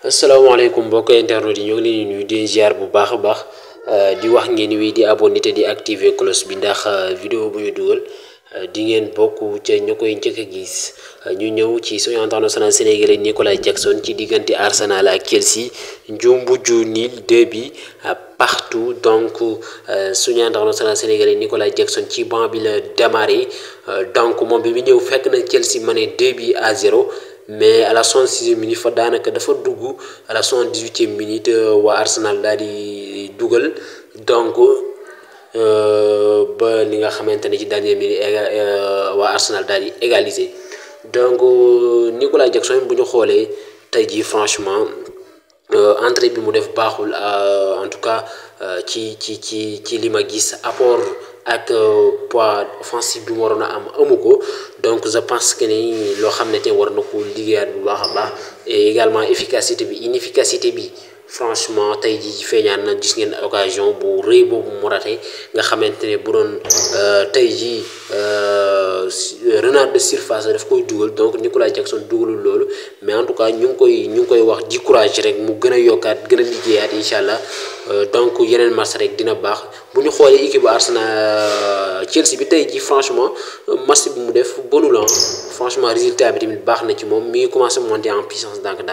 assalamu alaykum mbokk internet yi ñu ngi leen di ziar bu baax a baax euh, di wax ngeen wi di abonné te di activer cloche bi ndax euh, vidéo bu ñu duggal euh, di ngeen bokk ci ñukoy koy gis ñu ñëw ci suñu international sénégalais Nicolas Jackson ci diggante Arsenal ak Chelsea njumbu ju nil 2 bi partout donc suñu international sénégalais Nicolas Jackson ci banc bi la démarré donc moom bi mu ñëw fekk na Chelsea mané 2 à 0 mais à la 66e minute fa daanaka dafa dugg à la 78 e minute euh, wa Arsenal daal di dugal donc euh, ba li nga xamante ci dernier minute euh, wa Arsenal daal égaliser donc Nicolas Jackson bu ñu xoolee tey jii franchement entrée bi mu def baxul en tout cas ci ci ci ci lima ma gis apport ak euh, poids offensif bi warona am amuko donc je pense que ni lo xamné ne te war ko bu baax baax et également efficacité bi inefficacité bi franchement tey jii feeñaan gis ngeen occasion bu reuy bobu mu raté nga xamante ne bu doon euh, tey euh de surface daf koy donc Nicolas Jackson double lolu mais en tout cas ñu ngi koy ñu koy wax di courage rek mu gëna a il a euh, donc yeneen match rek dina baax bu ñu xoolee équipe Arsenal euh, Chelsea bi tey franchement euh, match bi mu def bonul hein. franchement résultat bi monter en puissance